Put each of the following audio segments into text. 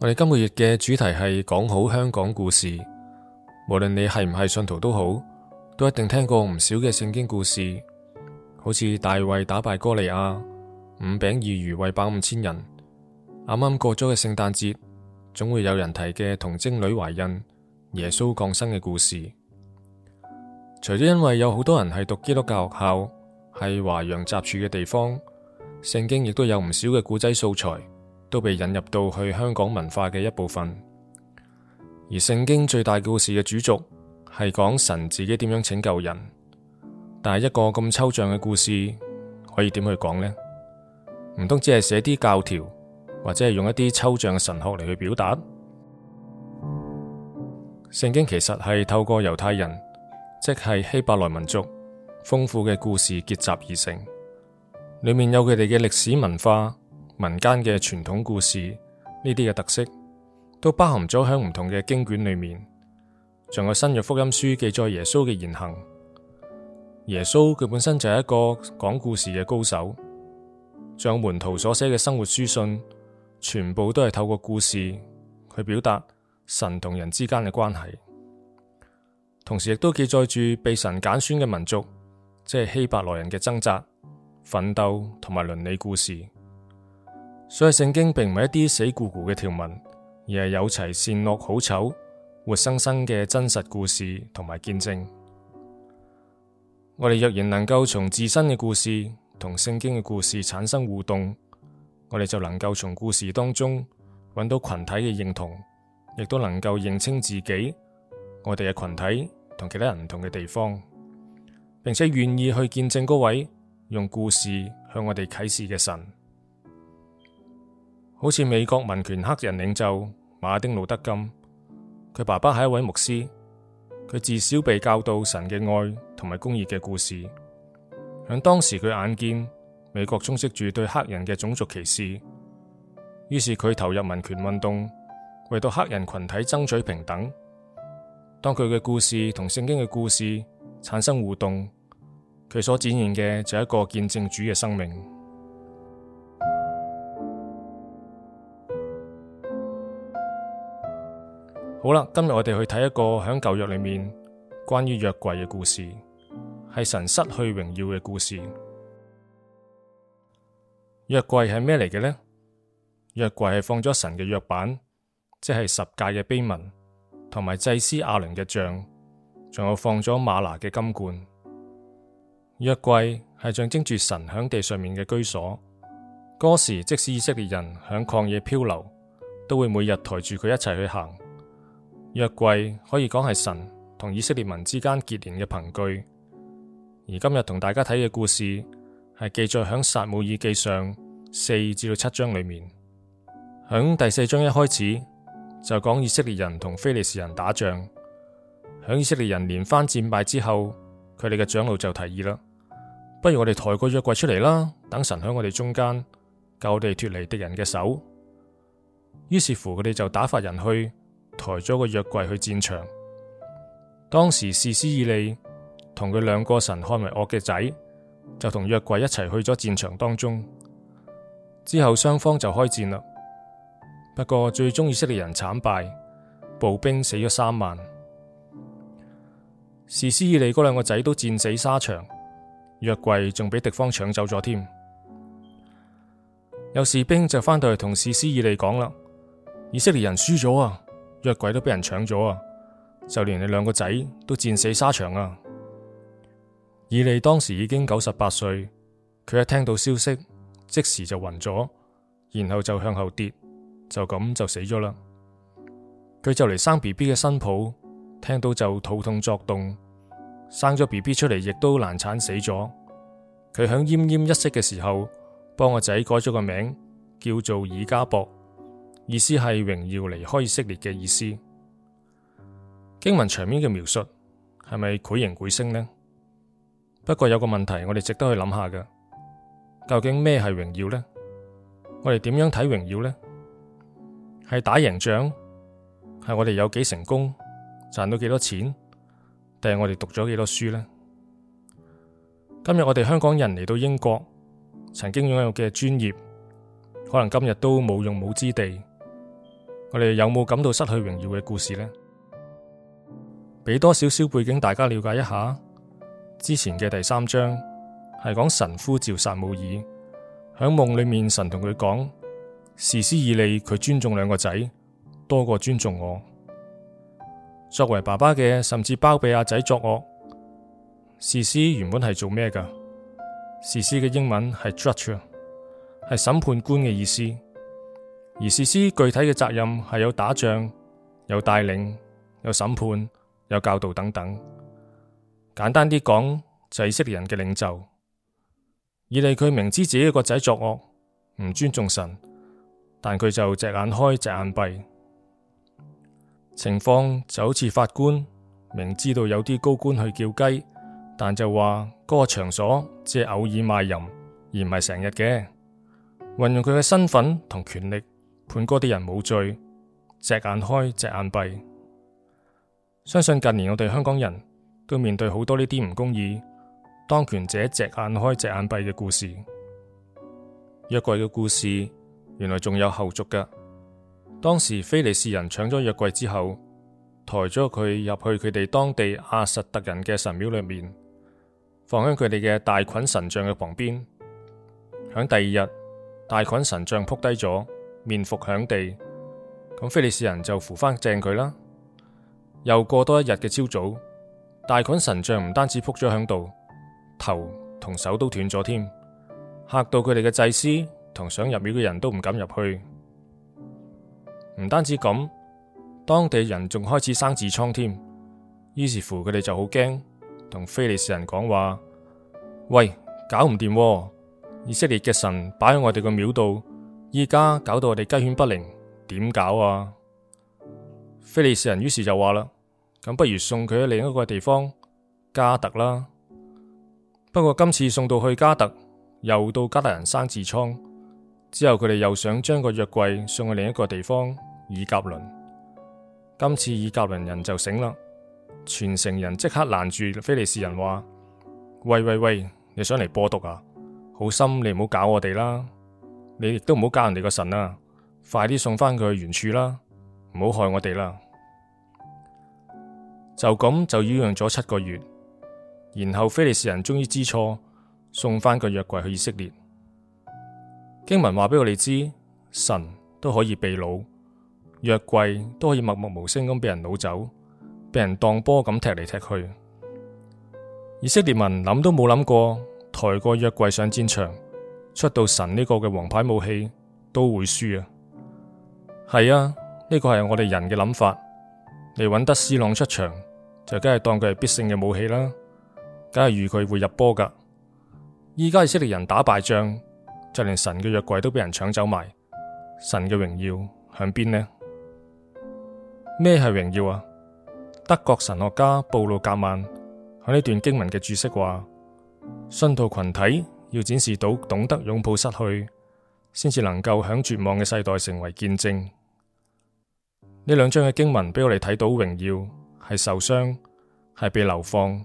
我哋今個月嘅主題係講好香港故事。無論你係唔係信徒都好，都一定聽過唔少嘅聖經故事，好似大衛打敗哥利亞、五餅二魚餵飽五千人。啱啱過咗嘅聖誕節，總會有人提嘅童貞女懷孕、耶穌降生嘅故事。除咗因為有好多人係讀基督教學校，係華洋雜處嘅地方，聖經亦都有唔少嘅古仔素材。都被引入到去香港文化嘅一部分，而聖經最大故事嘅主軸係講神自己點樣拯救人，但係一個咁抽象嘅故事可以點去講呢？唔通只係寫啲教條，或者係用一啲抽象嘅神學嚟去表達？聖經其實係透過猶太人，即係希伯來民族豐富嘅故事結集而成，裏面有佢哋嘅歷史文化。民間嘅傳統故事呢啲嘅特色，都包含咗響唔同嘅經卷裏面，仲有新約福音書記載耶穌嘅言行，耶穌佢本身就係一個講故事嘅高手，仲有門徒所寫嘅生活書信，全部都係透過故事去表達神同人之間嘅關係，同時亦都記載住被神揀選嘅民族，即係希伯來人嘅掙扎、奮鬥同埋倫理故事。所以聖經並唔係一啲死咕咕嘅條文，而係有齊善惡好醜活生生嘅真實故事同埋見證。我哋若然能夠從自身嘅故事同聖經嘅故事產生互動，我哋就能夠從故事當中揾到群體嘅認同，亦都能夠認清自己，我哋嘅群體同其他人唔同嘅地方，並且願意去見證嗰位用故事向我哋啟示嘅神。好似美國民權黑人領袖馬丁路德金，佢爸爸係一位牧師，佢自小被教導神嘅愛同埋公義嘅故事。響當時佢眼見美國充斥住對黑人嘅種族歧視，於是佢投入民權運動，為到黑人群體爭取平等。當佢嘅故事同聖經嘅故事產生互動，佢所展現嘅就係一個見證主嘅生命。好啦，今日我哋去睇一個喺舊約裏面關於約櫃嘅故事，係神失去榮耀嘅故事。約櫃係咩嚟嘅呢？約櫃係放咗神嘅約版，即係十誡嘅碑文，同埋祭司亞倫嘅像，仲有放咗嗎哪嘅金罐。約櫃係象徵住神喺地上面嘅居所。嗰時即使以色列人喺曠野漂流，都會每日抬住佢一齊去行。約櫃可以講係神同以色列民之間結連嘅憑據，而今日同大家睇嘅故事係記載響《撒母耳記》上四至到七章裏面。響第四章一開始就講以色列人同非利士人打仗，響以色列人連番戰敗之後，佢哋嘅長老就提議啦：，不如我哋抬個約櫃出嚟啦，等神喺我哋中間，救我哋脱離敵人嘅手。於是乎，佢哋就打發人去。抬咗個約櫃去戰場，當時士師以利同佢兩個神看為惡嘅仔，就同約櫃一齊去咗戰場當中。之後雙方就開戰啦。不過最終以色列人慘敗，步兵死咗三萬。士師以利嗰兩個仔都戰死沙場，約櫃仲俾敵方搶走咗添。有士兵就翻到去同士師以利講啦，以色列人輸咗啊！約櫃都俾人搶咗啊！就連你兩個仔都戰死沙場啊！以利當時已經九十八歲，佢一聽到消息，即時就暈咗，然後就向後跌，就咁就死咗啦。佢就嚟生 B B 嘅新抱，聽到就肚痛作動，生咗 B B 出嚟亦都難產死咗。佢響奄奄一息嘅時候，幫個仔改咗個名，叫做以迦博。意思係榮耀離開以色列嘅意思。經文場面嘅描述係咪繪形繪聲呢？不過有個問題，我哋值得去諗下嘅，究竟咩係榮耀呢？我哋點樣睇榮耀呢？係打贏仗，係我哋有幾成功，賺到幾多錢，定係我哋讀咗幾多書呢？今日我哋香港人嚟到英國，曾經擁有嘅專業，可能今日都冇用武之地。我哋有冇感到失去榮耀嘅故事呢？畀多少少背景大家了解一下。之前嘅第三章係講神呼召撒母耳，響夢裏面神同佢講，士師以利佢尊重兩個仔多過尊重我，作為爸爸嘅甚至包庇阿、啊、仔作惡。士師原本係做咩噶？士師嘅英文係 judge 係審判官嘅意思。而士師具體嘅責任係有打仗、有帶領、有審判、有教導等等。簡單啲講，就係、以色列人嘅領袖。以利佢明知自己個仔作惡，唔尊重神，但佢就隻眼開隻眼閉。情況就好似法官明知道有啲高官去叫雞，但就話嗰個場所只係偶爾賣淫，而唔係成日嘅，運用佢嘅身份同權力。.判哥啲人冇罪，隻眼開隻眼閉。相信近年我哋香港人都面對好多呢啲唔公義，當權者隻眼開隻眼閉嘅故事。約櫃嘅故事原來仲有後續噶。當時非利士人搶咗約櫃之後，抬咗佢入去佢哋當地亞實突人嘅神廟裏面，放喺佢哋嘅大袞神像嘅旁邊。響第二日，大袞神像仆低咗。面伏響地，咁菲利士人就扶翻正佢啦。又過多一日嘅朝早，大群神像唔單止仆咗響度，頭同手都斷咗添，吓到佢哋嘅祭司同想入廟嘅人都唔敢入去。唔單止咁，當地人仲開始生痔瘡添，於是乎佢哋就好驚，同菲利士人講話：喂，搞唔掂，以色列嘅神擺喺我哋嘅廟度。依家搞到我哋雞犬不寧，點搞啊？非利士人於是就話啦，咁不如送佢去另一個地方迦特啦。不過今次送到去迦特，又到迦特人生痔瘡，之後佢哋又想將個約櫃送去另一個地方以革倫。今次以革倫人就醒啦，全城人即刻攔住非利士人話：喂喂喂，你想嚟播毒啊？好心你唔好搞我哋啦！你亦都唔好教人哋個神啦，快啲送翻佢去原處啦，唔好害我哋啦。就咁就擾攘咗七個月，然後菲利士人終於知錯，送翻個約櫃去以色列。經文話俾我哋知，神都可以被擄，約櫃都可以默默無聲咁俾人擄走，俾人當波咁踢嚟踢去。以色列民諗都冇諗過，抬個約櫃上戰場。出到神呢個嘅王牌武器都會輸啊！係啊，呢個係我哋人嘅諗法。你搵得斯朗出場就梗係當佢係必勝嘅武器啦，梗係預佢會入波㗎。依家以色列人打敗仗，就連神嘅約櫃都俾人搶走埋，神嘅榮耀響邊呢？咩係榮耀啊？德國神學家布魯格曼喺呢段經文嘅注釋話：信徒群體。要展示到懂得擁抱失去，先至能夠響絕望嘅世代成為見證。呢兩章嘅經文俾我哋睇到榮耀，係受傷，係被流放，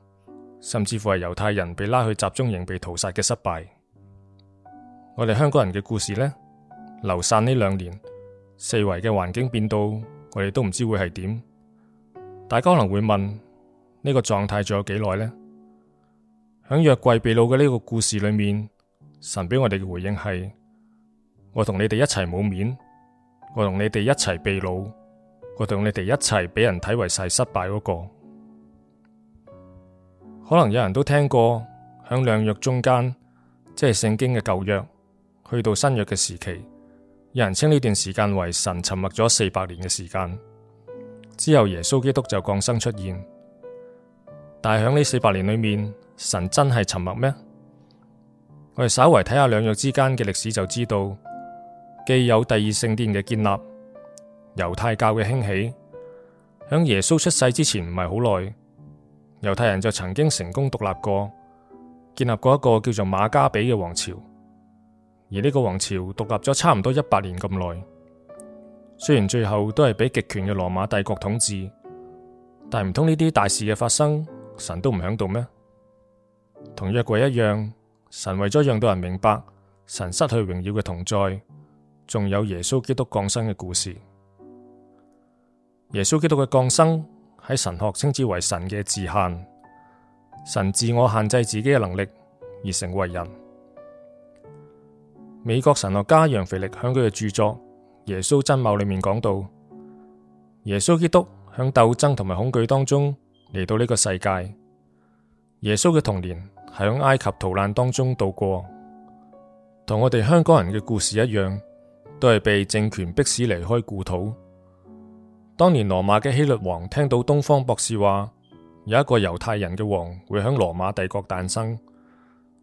甚至乎係猶太人被拉去集中營被屠殺嘅失敗。我哋香港人嘅故事呢，流散呢兩年，四圍嘅環境變到我哋都唔知會係點。大家可能會問，呢個狀態仲有幾耐呢？響約櫃被擄嘅呢個故事裏面，神俾我哋嘅回應係：我同你哋一齊冇面，我同你哋一齊被擄，我同你哋一齊俾人睇為係失敗嗰個。可能有人都聽過響兩約中間，即係聖經嘅舊約去到新約嘅時期，有人稱呢段時間為神沉默咗四百年嘅時間，之後耶穌基督就降生出現。但係喺呢四百年裏面，神真係沉默咩？我哋稍為睇下兩約之間嘅歷史，就知道既有第二聖殿嘅建立，猶太教嘅興起。喺耶穌出世之前唔係好耐，猶太人就曾經成功獨立過，建立過一個叫做馬加比嘅王朝。而呢個王朝獨立咗差唔多一百年咁耐，雖然最後都係俾極權嘅羅馬帝國統治，但唔通呢啲大事嘅發生？神都唔響度咩？同約櫃一樣，神為咗讓到人明白，神失去榮耀嘅同在，仲有耶穌基督降生嘅故事。耶穌基督嘅降生喺神學稱之為神嘅自限，神自我限制自己嘅能力而成為人。美國神學家楊腓力喺佢嘅著作《耶穌真貌》裏面講到，耶穌基督響鬥爭同埋恐懼當中。嚟到呢個世界，耶穌嘅童年係喺埃及逃難當中度過，同我哋香港人嘅故事一樣，都係被政權迫使離開故土。當年羅馬嘅希律王聽到東方博士話有一個猶太人嘅王會響羅馬帝國誕生，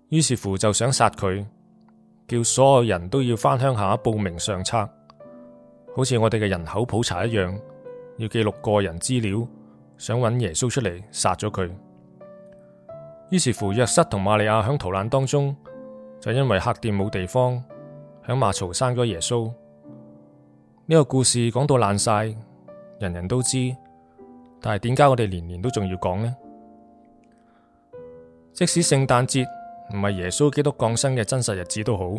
於是乎就想殺佢，叫所有人都要翻鄉下報名上冊，好似我哋嘅人口普查一樣，要記錄個人資料。想揾耶穌出嚟殺咗佢，於是乎約瑟同瑪利亞響逃難當中，就因為客店冇地方，響馬槽生咗耶穌。呢個故事講到爛晒，人人都知，但係點解我哋年年都仲要講呢？即使聖誕節唔係耶穌基督降生嘅真實日子都好，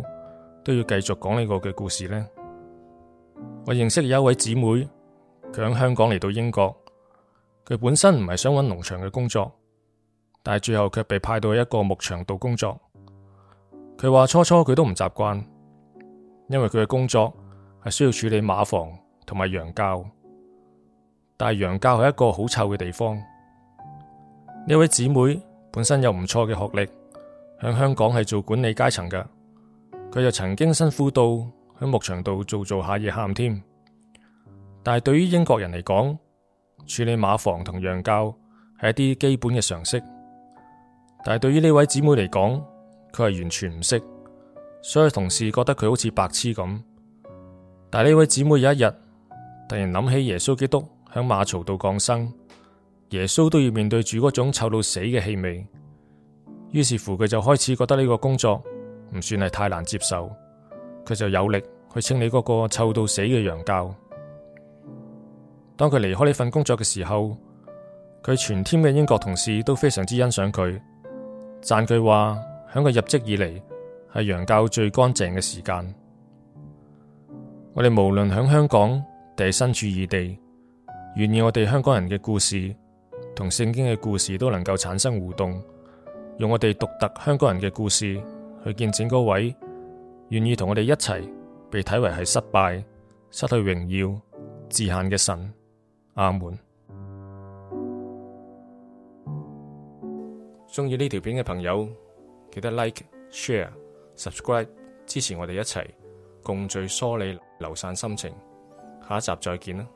都要繼續講呢個嘅故事呢？我認識有一位姊妹，佢響香港嚟到英國。佢本身唔係想揾農場嘅工作，但係最後卻被派到一個牧場度工作。佢話初初佢都唔習慣，因為佢嘅工作係需要處理馬房同埋羊廄。但係羊廄係一個好臭嘅地方。呢位姊妹本身有唔錯嘅學歷，響香港係做管理階層嘅，佢就曾經辛苦到響牧場度做做下嘢喊添。但係對於英國人嚟講，處理馬房同羊廄係一啲基本嘅常識，但係對於呢位姊妹嚟講，佢係完全唔識，所以同事覺得佢好似白痴咁。但係呢位姊妹有一日突然諗起耶穌基督響馬槽度降生，耶穌都要面對住嗰種臭到死嘅氣味，於是乎佢就開始覺得呢個工作唔算係太難接受，佢就有力去清理嗰個臭到死嘅羊廄。當佢離開呢份工作嘅時候，佢全天嘅英國同事都非常之欣賞佢，讚佢話：響佢入職以嚟係洋教最乾淨嘅時間。我哋無論響香港定係身處異地，願意我哋香港人嘅故事同聖經嘅故事都能夠產生互動，用我哋獨特香港人嘅故事去見證嗰位願意同我哋一齊被睇為係失敗、失去榮耀、自限嘅神。阿門。鍾意呢條片嘅朋友，記得 like、share、subscribe，支持我哋一齊共聚梳理流散心情。下一集再見啦。